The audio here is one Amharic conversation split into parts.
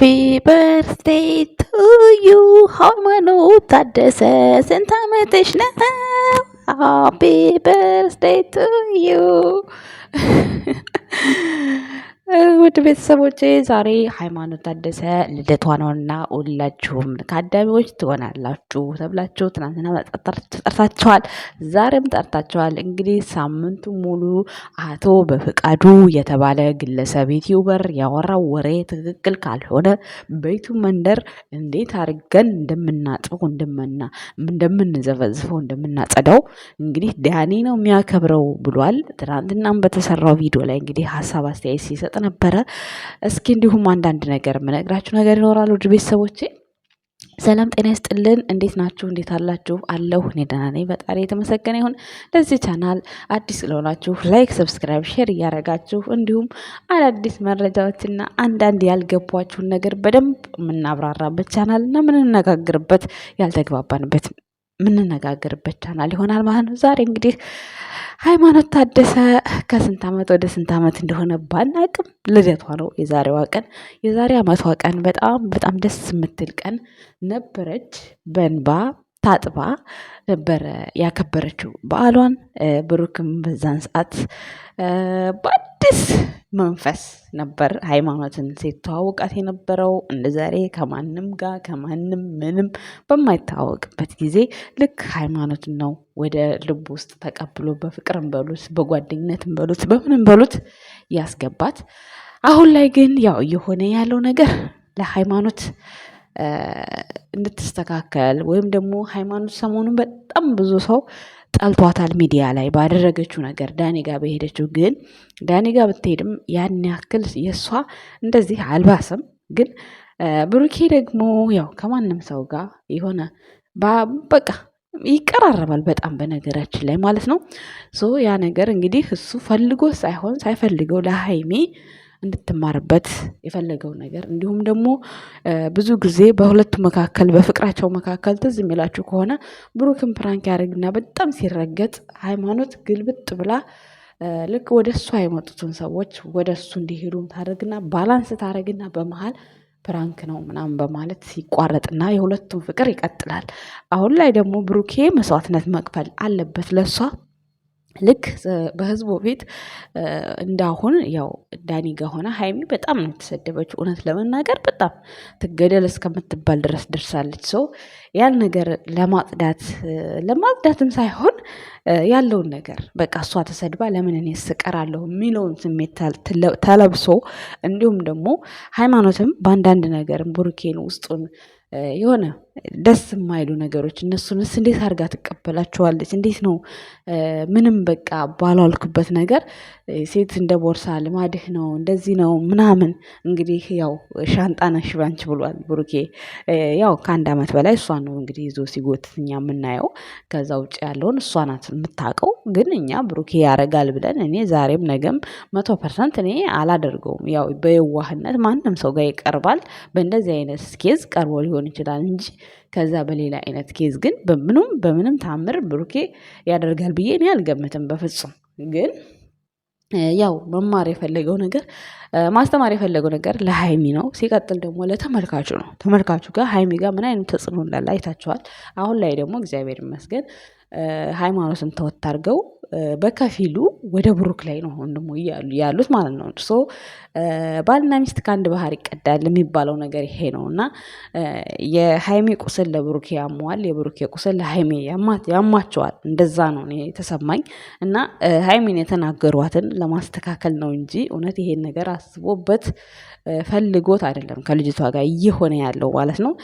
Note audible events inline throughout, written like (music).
Happy birthday to you. How many that this in time it is now. Happy birthday to you. (laughs) ውድ ቤተሰቦቼ ዛሬ ሃይማኖት ታደሰ ልደቷ ነውና ሁላችሁም ከአዳሚዎች ትሆናላችሁ ተብላችሁ ትናንትና ተጠርታችኋል፣ ዛሬም ጠርታችኋል። እንግዲህ ሳምንቱ ሙሉ አቶ በፍቃዱ የተባለ ግለሰብ ዩቲዩበር ያወራው ወሬ ትክክል ካልሆነ በይቱ መንደር እንዴት አድርገን እንደምና እንደምንዘፈዝፈው እንደምናጸዳው እንግዲህ ዳኒ ነው የሚያከብረው ብሏል። ትናንትናም በተሰራው ቪዲዮ ላይ እንግዲህ ሀሳብ አስተያየት ሲሰጥ ነበረ። እስኪ እንዲሁም አንዳንድ ነገር የምነግራችሁ ነገር ይኖራል ውድ ቤተሰቦቼ። ሰላም ጤና ይስጥልን። እንዴት ናችሁ? እንዴት አላችሁ? አለሁ እኔ ደህና ነኝ፣ የተመሰገነ ይሁን። ለዚህ ቻናል አዲስ ስለሆናችሁ ላይክ፣ ሰብስክራይብ፣ ሼር እያረጋችሁ እንዲሁም አዳዲስ መረጃዎችና አንዳንድ ያልገቧችሁን ነገር በደንብ የምናብራራበት ቻናልና የምንነጋግርበት ያልተግባባንበት የምንነጋገርበት ቻናል ይሆናል ማለት ነው። ዛሬ እንግዲህ ሃይማኖት ታደሰ ከስንት ዓመት ወደ ስንት ዓመት እንደሆነ ባናቅም ልደቷ ነው የዛሬዋ ቀን የዛሬ ዓመቷ ቀን በጣም በጣም ደስ የምትል ቀን ነበረች። በንባ ታጥባ ነበረ ያከበረችው በዓሏን። ብሩክም በዛን ሰዓት በአዲስ መንፈስ ነበር ሃይማኖትን ሲተዋወቃት የነበረው። እንደ ዛሬ ከማንም ጋር ከማንም ምንም በማይታወቅበት ጊዜ ልክ ሃይማኖትን ነው ወደ ልብ ውስጥ ተቀብሎ በፍቅርም በሉት በጓደኝነትም በሉት በምንም በሉት ያስገባት። አሁን ላይ ግን ያው እየሆነ ያለው ነገር ለሃይማኖት እንድትስተካከል ወይም ደግሞ ሃይማኖት ሰሞኑን በጣም ብዙ ሰው ጠልቷታል። ሚዲያ ላይ ባደረገችው ነገር ዳኒ ጋር በሄደችው ግን ዳኒ ጋር ብትሄድም ያን ያክል የእሷ እንደዚህ አልባስም። ግን ብሩኬ ደግሞ ያው ከማንም ሰው ጋር የሆነ በቃ ይቀራረባል በጣም በነገራችን ላይ ማለት ነው። ሶ ያ ነገር እንግዲህ እሱ ፈልጎ ሳይሆን ሳይፈልገው ለሀይሜ እንድትማርበት የፈለገው ነገር እንዲሁም ደግሞ ብዙ ጊዜ በሁለቱ መካከል በፍቅራቸው መካከል ትዝ የሚላችሁ ከሆነ ብሩክን ፕራንክ ያደርግና በጣም ሲረገጥ ሃይማኖት ግልብጥ ብላ ልክ ወደ እሷ የመጡትን ሰዎች ወደ እሱ እንዲሄዱ ታደርግና ባላንስ ታደርግና በመሀል ፕራንክ ነው ምናምን በማለት ሲቋረጥና የሁለቱም ፍቅር ይቀጥላል። አሁን ላይ ደግሞ ብሩኬ መስዋዕትነት መክፈል አለበት ለእሷ ልክ በህዝቡ ቤት እንዳሁን ያው ዳኒ ጋ ሀይሚ በጣም ነው የተሰደበችው። እውነት ለመናገር በጣም ትገደል እስከምትባል ድረስ ደርሳለች። ሰው ያን ነገር ለማጽዳት ለማጽዳትም ሳይሆን ያለውን ነገር በቃ እሷ ተሰድባ ለምን እኔ ስቀራለሁ የሚለውን ስሜት ተለብሶ እንዲሁም ደግሞ ሃይማኖትም በአንዳንድ ነገር ቡርኬን ውስጡን የሆነ ደስ የማይሉ ነገሮች እነሱንስ እንዴት አድርጋ ትቀበላችኋለች? እንዴት ነው ምንም በቃ ባላልኩበት ነገር ሴት እንደ ቦርሳ ልማድህ ነው እንደዚህ ነው ምናምን። እንግዲህ ያው ሻንጣ ነሽ ባንች ብሏል ብሩኬ። ያው ከአንድ አመት በላይ እሷን ነው እንግዲህ ይዞ ሲጎትት እኛ የምናየው። ከዛ ውጭ ያለውን እሷ ናት የምታውቀው። ግን እኛ ብሩኬ ያረጋል ብለን እኔ ዛሬም ነገም መቶ ፐርሰንት እኔ አላደርገውም። ያው በየዋህነት ማንም ሰው ጋር ይቀርባል። በእንደዚህ አይነት ስኬዝ ቀርቦ ሊሆን ይችላል እንጂ ከዛ በሌላ አይነት ኬዝ ግን በምንም በምንም ታምር ብሩኬ ያደርጋል ብዬ እኔ አልገምትም በፍጹም ግን ያው መማር የፈለገው ነገር ማስተማር የፈለገው ነገር ለሀይሚ ነው። ሲቀጥል ደግሞ ለተመልካቹ ነው። ተመልካቹ ጋር ሀይሚ ጋር ምን አይነት ተጽዕኖ እንዳለ አይታችኋል። አሁን ላይ ደግሞ እግዚአብሔር ይመስገን ሃይማኖትን ተወት አድርገው በከፊሉ ወደ ብሩክ ላይ ነው አሁን ደግሞ ያሉት ማለት ነው። ሶ ባልና ሚስት ከአንድ ባህር ይቀዳል የሚባለው ነገር ይሄ ነው እና የሀይሜ ቁስል ለብሩክ ያመዋል፣ የብሩክ ቁስል ለሀይሜ ያማቸዋል። እንደዛ ነው የተሰማኝ እና ሀይሜን የተናገሯትን ለማስተካከል ነው እንጂ እውነት ይሄን ነገር አስቦበት ፈልጎት አይደለም ከልጅቷ ጋር እየሆነ ያለው ማለት ነው።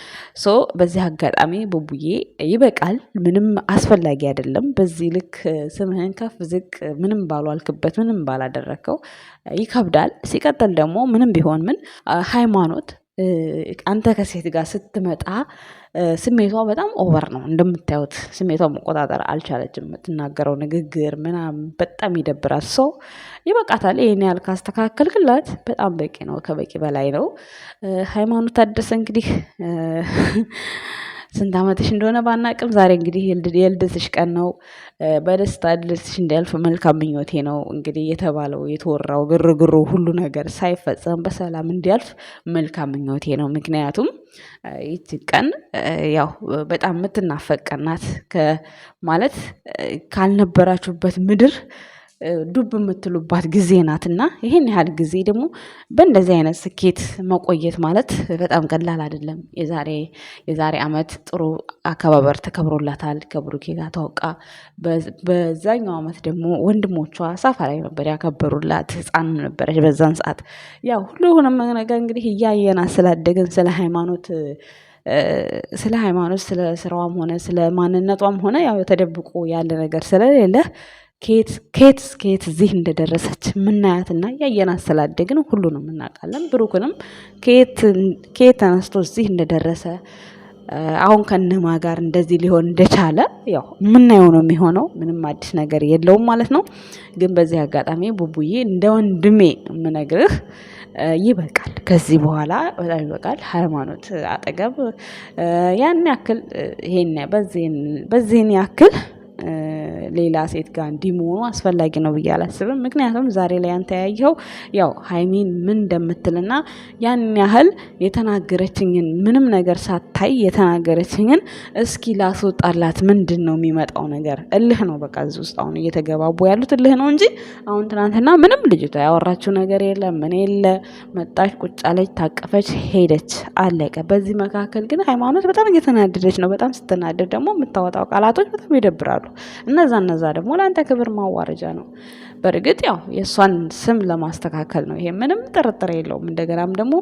ሶ በዚህ አጋጣሚ ቡቡዬ ይበቃል፣ ምንም አስፈላጊ አስፈላጊ አይደለም። በዚህ ልክ ስምህን ከፍ ዝቅ ምንም ባሏልክበት ምንም ባላደረግከው ይከብዳል። ሲቀጥል ደግሞ ምንም ቢሆን ምን ሃይማኖት አንተ ከሴት ጋር ስትመጣ ስሜቷ በጣም ኦቨር ነው እንደምታዩት። ስሜቷ መቆጣጠር አልቻለችም። የምትናገረው ንግግር ምናምን በጣም ይደብራል። ሰው ይበቃታል። ይህን ያህል ካስተካከልክላት በጣም በቂ ነው፣ ከበቂ በላይ ነው። ሃይማኖት ታደሰ እንግዲህ ስንት ዓመትሽ እንደሆነ ባናቅም ዛሬ እንግዲህ የልደትሽ ቀን ነው። በደስታ ልደትሽ እንዲያልፍ መልካም ምኞቴ ነው። እንግዲህ የተባለው የተወራው ግርግሩ ሁሉ ነገር ሳይፈጸም በሰላም እንዲያልፍ መልካም ምኞቴ ነው። ምክንያቱም ይቺ ቀን ያው በጣም የምትናፈቅ ቀን ናት። ማለት ካልነበራችሁበት ምድር ዱብ የምትሉባት ጊዜ ናት እና ይህን ያህል ጊዜ ደግሞ በእንደዚህ አይነት ስኬት መቆየት ማለት በጣም ቀላል አይደለም። የዛሬ አመት ጥሩ አከባበር ተከብሮላታል። ከብሩኬ ጋር ታውቃ በዛኛው አመት ደግሞ ወንድሞቿ ሳፋ ላይ ነበር ያከበሩላት። ህፃን ነበረች በዛን ሰዓት። ያው ሁሉንም ነገር እንግዲህ እያየና ስላደግን ስለ ሃይማኖት ስለ ሃይማኖት ስለ ስራዋም ሆነ ስለ ማንነቷም ሆነ ያው ተደብቆ ያለ ነገር ስለሌለ ከየት እስከየት እዚህ እንደደረሰች ምናያትና ያየናት ስላደግን ሁሉንም እናውቃለን። ብሩክንም ከየት ተነስቶ እዚህ እንደደረሰ አሁን ከነማ ጋር እንደዚህ ሊሆን እንደቻለ ያው የምናየው ነው የሚሆነው። ምንም አዲስ ነገር የለውም ማለት ነው። ግን በዚህ አጋጣሚ ቡቡዬ እንደ ወንድሜ የምነግርህ ይበቃል፣ ከዚህ በኋላ በጣም ይበቃል። ሃይማኖት አጠገብ ያን ያክል ይሄን በዚህን ያክል ሌላ ሴት ጋር እንዲመሆኑ አስፈላጊ ነው ብዬ አላስብም። ምክንያቱም ዛሬ ላይ አንተ ያየኸው ያው ሀይሚን ምን እንደምትልና ያን ያህል የተናገረችኝን ምንም ነገር ሳታይ የተናገረችኝን እስኪ ላስወጣላት ምንድን ነው የሚመጣው ነገር እልህ ነው። በቃ እዚህ ውስጥ አሁን እየተገባቡ ያሉት እልህ ነው እንጂ አሁን ትናንትና ምንም ልጅቷ ያወራችው ነገር የለ ምን የለ። መጣች፣ ቁጭ አለች፣ ታቀፈች፣ ሄደች፣ አለቀ። በዚህ መካከል ግን ሃይማኖት በጣም እየተናደደች ነው። በጣም ስትናደድ ደግሞ የምታወጣው ቃላቶች በጣም ይደብራሉ እና እነዛ እነዛ ደግሞ ለአንተ ክብር ማዋረጃ ነው። በእርግጥ ያው የእሷን ስም ለማስተካከል ነው። ይሄ ምንም ጥርጥር የለውም። እንደገናም ደግሞ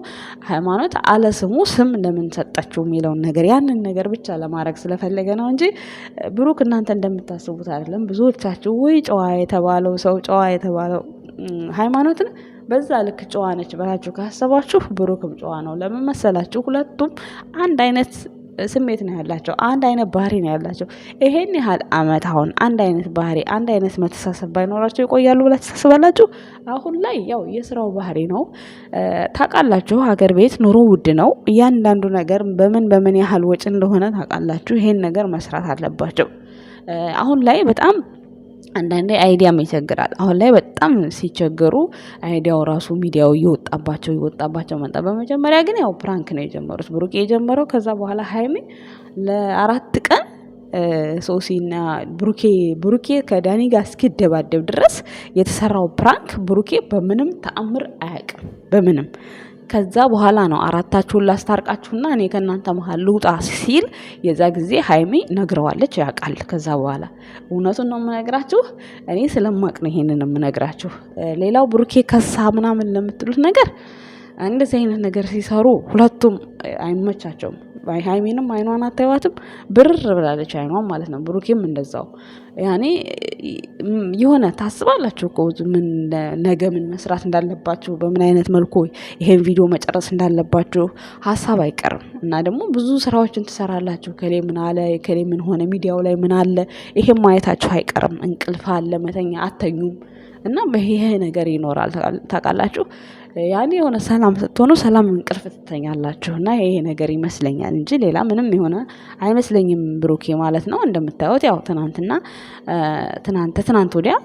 ሃይማኖት አለ ስሙ ስም ለምን ሰጠችው የሚለውን ነገር ያንን ነገር ብቻ ለማድረግ ስለፈለገ ነው እንጂ ብሩክ እናንተ እንደምታስቡት አይደለም። ብዙዎቻችሁ ወይ ጨዋ የተባለው ሰው ጨዋ የተባለው ሃይማኖትን በዛ ልክ ጨዋ ነች ብላችሁ ካሰባችሁ ብሩክም ጨዋ ነው። ለምን መሰላችሁ? ሁለቱም አንድ አይነት ስሜት ነው ያላቸው። አንድ አይነት ባህሪ ነው ያላቸው። ይሄን ያህል አመት አሁን አንድ አይነት ባህሪ፣ አንድ አይነት መተሳሰብ ባይኖራቸው ይቆያሉ ብላ ተሳስባላችሁ? አሁን ላይ ያው የስራው ባህሪ ነው ታውቃላችሁ። ሀገር ቤት ኑሮ ውድ ነው። እያንዳንዱ ነገር በምን በምን ያህል ወጪ እንደሆነ ታውቃላችሁ። ይሄን ነገር መስራት አለባቸው አሁን ላይ በጣም አንዳንዴ አይዲያም ይቸግራል። አሁን ላይ በጣም ሲቸገሩ አይዲያው ራሱ ሚዲያው እየወጣባቸው እየወጣባቸው መጣ። በመጀመሪያ ግን ያው ፕራንክ ነው የጀመሩት ብሩኬ የጀመረው። ከዛ በኋላ ሀይሜ ለአራት ቀን ሶሲና ብሩኬ ብሩኬ ከዳኒ ጋር እስኪደባደብ ድረስ የተሰራው ፕራንክ ብሩኬ በምንም ተአምር አያውቅም በምንም ከዛ በኋላ ነው አራታችሁን ላስታርቃችሁና እኔ ከእናንተ መሀል ልውጣ ሲል የዛ ጊዜ ሀይሚ ነግረዋለች፣ ያውቃል። ከዛ በኋላ እውነቱን ነው የምነግራችሁ፣ እኔ ስለማቅ ነው ይሄንን የምነግራችሁ። ሌላው ብሩኬ ከሳ ምናምን ለምትሉት ነገር እንደዚህ አይነት ነገር ሲሰሩ ሁለቱም አይመቻቸውም። ሀይሜንም አይኗን አታዩዋትም፣ ብርር ብላለች አይኗን ማለት ነው። ብሩኬም እንደዛው ያኔ የሆነ ታስባላችሁ እኮ ምን ነገ ምን መስራት እንዳለባችሁ፣ በምን አይነት መልኩ ይሄን ቪዲዮ መጨረስ እንዳለባችሁ ሀሳብ አይቀርም እና ደግሞ ብዙ ስራዎችን ትሰራላችሁ። ከሌ ምን አለ፣ ከሌ ምን ሆነ፣ ሚዲያው ላይ ምን አለ፣ ይሄም ማየታችሁ አይቀርም። እንቅልፍ አለ፣ መተኛ አተኙም እና ይሄ ነገር ይኖራል ታውቃላችሁ። ያኔ የሆነ ሰላም ስትሆኑ ሰላም እንቅልፍ ትተኛላችሁ እና ይሄ ነገር ይመስለኛል እንጂ ሌላ ምንም የሆነ አይመስለኝም። ብሩኬ ማለት ነው እንደምታዩት ያው ትናንትና ትናንት ትናንት ወዲያ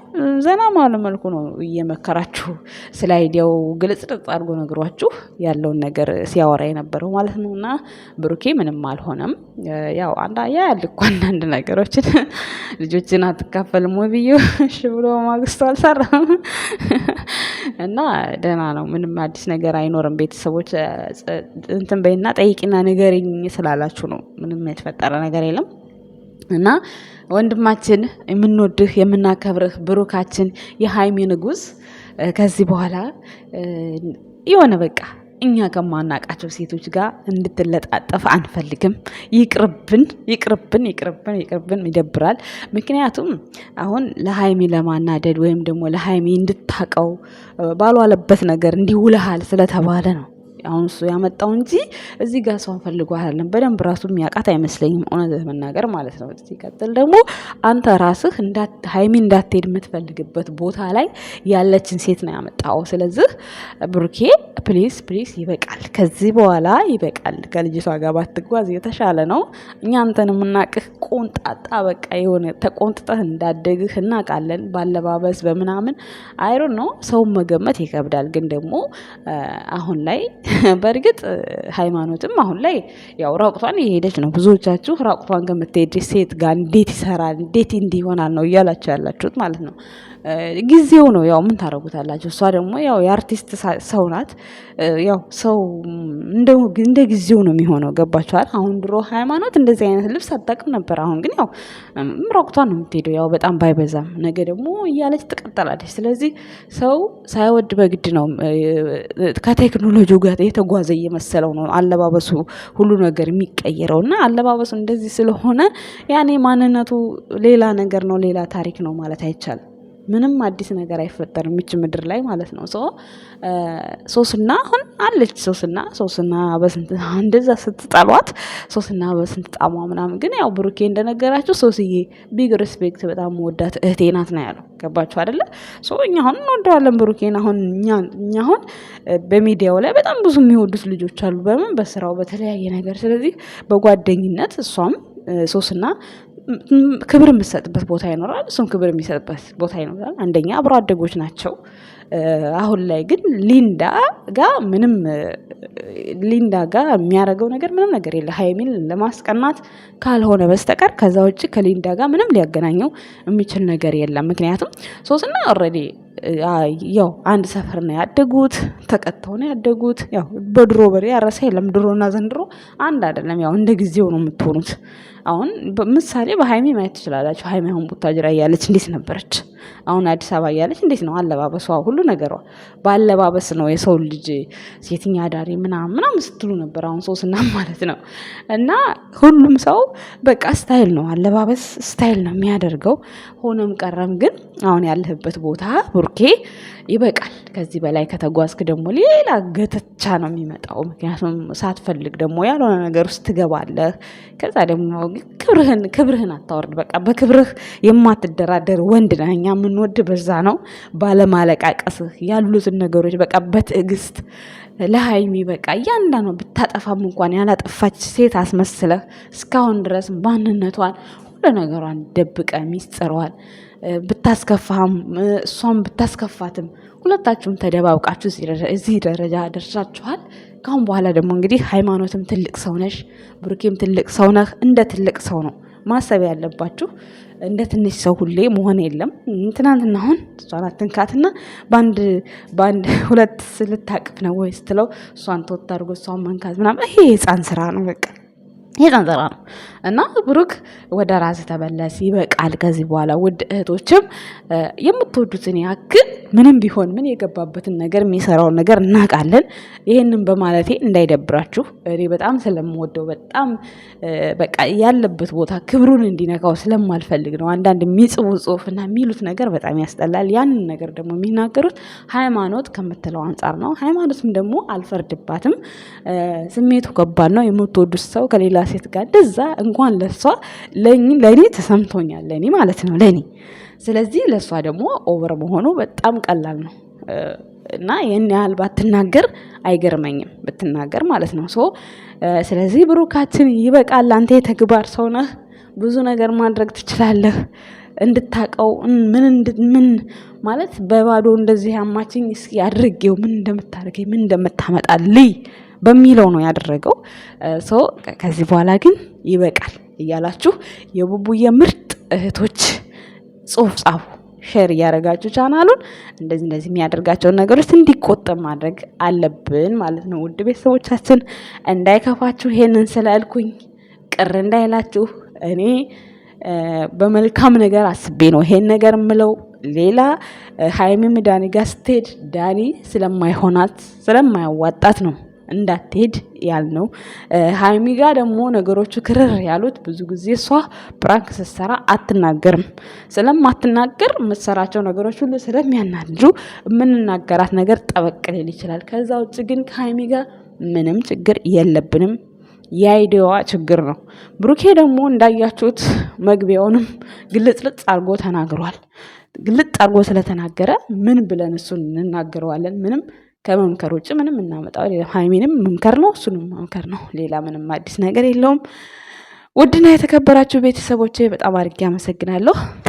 ዘና ማለ መልኩ ነው እየመከራችሁ ስለ አይዲያው ግልጽ ጥጥ አድርጎ ነግሯችሁ ያለውን ነገር ሲያወራ የነበረው ማለት ነው። እና ብሩኬ ምንም አልሆነም። ያው አንዳ ያ ያልኩ አንዳንድ ነገሮችን ልጆችን አትካፈልም ወይ ብዬ ብሎ ማግስቱ አልሰራ እና ደህና ነው። ምንም አዲስ ነገር አይኖርም። ቤተሰቦች እንትን በይና ጠይቂና ንገሪኝ ስላላችሁ ነው። ምንም የተፈጠረ ነገር የለም። እና ወንድማችን የምንወድህ የምናከብርህ ብሩካችን የሀይሚ ንጉስ ከዚህ በኋላ የሆነ በቃ እኛ ከማናቃቸው ሴቶች ጋር እንድትለጣጠፍ አንፈልግም። ይቅርብን፣ ይቅርብን፣ ይቅርብን፣ ይቅርብን። ይደብራል። ምክንያቱም አሁን ለሀይሚ ለማናደድ ወይም ደግሞ ለሀይሚ እንድታቀው ባሏለበት ነገር እንዲውልሃል ስለተባለ ነው። አሁን እሱ ያመጣው እንጂ እዚህ ጋር ሰውን ፈልጎ አይደለም። በደንብ ራሱ የሚያውቃት አይመስለኝም እውነት መናገር ማለት ነው። ሲቀጥል ደግሞ አንተ ራስህ ሀይሚ እንዳትሄድ የምትፈልግበት ቦታ ላይ ያለችን ሴት ነው ያመጣው። ስለዚህ ብሩኬ ፕሊስ ፕሊስ ይበቃል፣ ከዚህ በኋላ ይበቃል። ከልጅቷ ጋር ባትጓዝ የተሻለ ነው። እኛ አንተን የምናቅህ ቆንጣጣ በቃ የሆነ ተቆንጥጠህ እንዳደግህ እናውቃለን። ባለባበስ በምናምን አይሮን ነው ሰውን መገመት ይከብዳል። ግን ደግሞ አሁን ላይ (laughs) በእርግጥ ሃይማኖትም አሁን ላይ ያው ራቁቷን እየሄደች ነው። ብዙዎቻችሁ ራቁቷን ከምትሄድ ሴት ጋር እንዴት ይሰራል፣ እንዴት እንዲህ ይሆናል ነው እያላችሁ ያላችሁት ማለት ነው። ጊዜው ነው ያው ምን ታደርጉታላችሁ። እሷ ደግሞ ያው የአርቲስት ሰው ናት። ያው ሰው እንደ ጊዜው ነው የሚሆነው። ገባችኋል? አሁን ድሮ ሃይማኖት እንደዚህ አይነት ልብስ አታውቅም ነበር። አሁን ግን ያው ምራቁቷን ነው የምትሄደው። ያው በጣም ባይበዛም ነገ ደግሞ እያለች ትቀጠላለች። ስለዚህ ሰው ሳይወድ በግድ ነው ከቴክኖሎጂው ጋር የተጓዘ እየመሰለው ነው አለባበሱ ሁሉ ነገር የሚቀየረው እና አለባበሱ እንደዚህ ስለሆነ ያኔ ማንነቱ ሌላ ነገር ነው፣ ሌላ ታሪክ ነው ማለት አይቻልም። ምንም አዲስ ነገር አይፈጠርም ይች ምድር ላይ ማለት ነው። ሶ ሶስና አሁን አለች ሶስና ሶስና በስንት እንደዛ ስትጠሏት ሶስና በስንት ጣሟ ምናምን። ግን ያው ብሩኬ እንደነገራቸው ሶስዬ ቢግ ሪስፔክት በጣም ወዳት እህቴ ናት ነው ያለው። ገባችሁ አደለ? ሶ እኛ አሁን እንወደዋለን ብሩኬን። አሁን እኛ አሁን በሚዲያው ላይ በጣም ብዙ የሚወዱት ልጆች አሉ፣ በምን በስራው በተለያየ ነገር። ስለዚህ በጓደኝነት እሷም ሶስና ክብር የምሰጥበት ቦታ ይኖራል፣ እሱም ክብር የሚሰጥበት ቦታ ይኖራል። አንደኛ አብሮ አደጎች ናቸው። አሁን ላይ ግን ሊንዳ ጋ ምንም ሊንዳ ጋ የሚያደርገው ነገር ምንም ነገር የለ ሀይሚን ለማስቀናት ካልሆነ በስተቀር ከዛ ውጭ ከሊንዳ ጋ ምንም ሊያገናኘው የሚችል ነገር የለም። ምክንያቱም ሶስና ኦልሬዲ ያው አንድ ሰፈር ነው ያደጉት፣ ተቀጥተው ነው ያደጉት። ያው በድሮ በሬ ያረሰ የለም ድሮና ዘንድሮ አንድ አይደለም። ያው እንደ ጊዜው ነው የምትሆኑት አሁን ምሳሌ በሀይሜ ማየት ትችላላችሁ። ሀይሜ አሁን ቡታጅራ እያለች እንዴት ነበረች? አሁን አዲስ አበባ እያለች እንዴት ነው አለባበሷ? ሁሉ ነገሯ በአለባበስ ነው የሰው ልጅ ሴትኛ ዳሪ ምናምን ምናምን ስትሉ ነበር። አሁን ሰው ስናም (laughs) ማለት ነው እና ሁሉም ሰው በቃ ስታይል ነው አለባበስ ስታይል ነው የሚያደርገው። ሆነም ቀረም ግን አሁን ያለህበት ቦታ ቡርኬ ይበቃል። ከዚህ በላይ ከተጓዝክ ደግሞ ሌላ ገተቻ ነው የሚመጣው። ምክንያቱም ሳትፈልግ ደግሞ ያልሆነ ነገር ውስጥ ትገባለህ። ከዛ ደግሞ ክብርህን ክብርህን አታወርድ። በቃ በክብርህ የማትደራደር ወንድ ነህ። እኛ የምንወድ በዛ ነው፣ ባለማለቃቀስህ ያሉትን ነገሮች በቃ በትዕግስት ለሀይሚ በቃ እያንዳንዱ ብታጠፋም እንኳን ያላጠፋች ሴት አስመስለህ እስካሁን ድረስ ማንነቷን ሁሉ ነገሯን ደብቀ ሚስጥሯን ብታስከፋም እሷም ብታስከፋትም ሁለታችሁም ተደባብቃችሁ እዚህ ደረጃ ደርሳችኋል። ካሁን በኋላ ደግሞ እንግዲህ ሃይማኖትም ትልቅ ሰው ነሽ፣ ብሩኬም ትልቅ ሰው ነህ። እንደ ትልቅ ሰው ነው ማሰብ ያለባችሁ። እንደ ትንሽ ሰው ሁሌ መሆን የለም። ትናንትና አሁን እሷን አትንካትና በአንድ በአንድ (laughs) ሁለት ስልታቅፍ ነው ወይ ስትለው እሷን ተወት አድርጎ እሷን መንካት ምናምን ይሄ የህፃን ስራ ነው። በቃ የህፃን ስራ ነው። እና ብሩክ ወደ ራስ ተመለስ፣ ይበቃል። ከዚህ በኋላ ውድ እህቶችም የምትወዱትን ያክል ምንም ቢሆን ምን የገባበትን ነገር የሚሰራውን ነገር እናውቃለን። ይህንን በማለቴ እንዳይደብራችሁ። እኔ በጣም ስለምወደው በጣም በቃ ያለበት ቦታ ክብሩን እንዲነካው ስለማልፈልግ ነው። አንዳንድ የሚጽቡ ጽሁፍና የሚሉት ነገር በጣም ያስጠላል። ያንን ነገር ደግሞ የሚናገሩት ሃይማኖት ከምትለው አንጻር ነው። ሃይማኖትም ደግሞ አልፈርድባትም። ስሜቱ ከባድ ነው። የምትወዱት ሰው ከሌላ ሴት ጋር እንደዛ እንኳን ለሷ ለእኔ ተሰምቶኛል፣ ለእኔ ማለት ነው ለእኔ። ስለዚህ ለእሷ ደግሞ ኦቨር መሆኑ በጣም ቀላል ነው እና ይህን ያህል ባትናገር አይገርመኝም፣ ብትናገር ማለት ነው። ሶ ስለዚህ ብሩካችን ይበቃል። አንተ የተግባር ሰው ነህ፣ ብዙ ነገር ማድረግ ትችላለህ። እንድታቀው ምን ምን ማለት በባዶ እንደዚህ አማችኝ እስኪ አድርጌው ምን እንደምታደርገኝ ምን እንደምታመጣልኝ በሚለው ነው ያደረገው። ሶ ከዚህ በኋላ ግን ይበቃል እያላችሁ የቡቡዬ ምርጥ እህቶች ጽሁፍ ጻፉ። ሼር እያደረጋችሁ ቻናሉን እንደዚህ እንደዚህ የሚያደርጋቸውን ነገሮች እንዲቆጠብ ማድረግ አለብን ማለት ነው። ውድ ቤተሰቦቻችን እንዳይከፋችሁ ይሄንን ስላልኩኝ ቅር እንዳይላችሁ እኔ በመልካም ነገር አስቤ ነው ይሄን ነገር ምለው። ሌላ ሀይሚም ዳኒ ጋር ስትሄድ ዳኒ ስለማይሆናት ስለማያዋጣት ነው እንዳትሄድ ነው። ሀይሚ ጋ ደግሞ ነገሮቹ ክርር ያሉት ብዙ ጊዜ እሷ ፕራንክ ስትሰራ አትናገርም። ስለማትናገር የምትሰራቸው ነገሮች ሁሉ ስለሚያናድዱ የምንናገራት ነገር ጠበቅ ሊል ይችላል። ከዛ ውጭ ግን ከሀይሚ ጋ ምንም ችግር የለብንም። የአይዲዋ ችግር ነው። ብሩኬ ደግሞ እንዳያችሁት መግቢያውንም ግልጽልጽ አድርጎ ተናግሯል። ግልጽ አድርጎ ስለተናገረ ምን ብለን እሱን እንናገረዋለን? ምንም ከመምከር ውጭ ምንም እናመጣው ሌላም ሀይሜንም መምከር ነው፣ እሱንም መምከር ነው። ሌላ ምንም አዲስ ነገር የለውም። ውድና የተከበራችሁ ቤተሰቦቼ በጣም አድርጌ አመሰግናለሁ።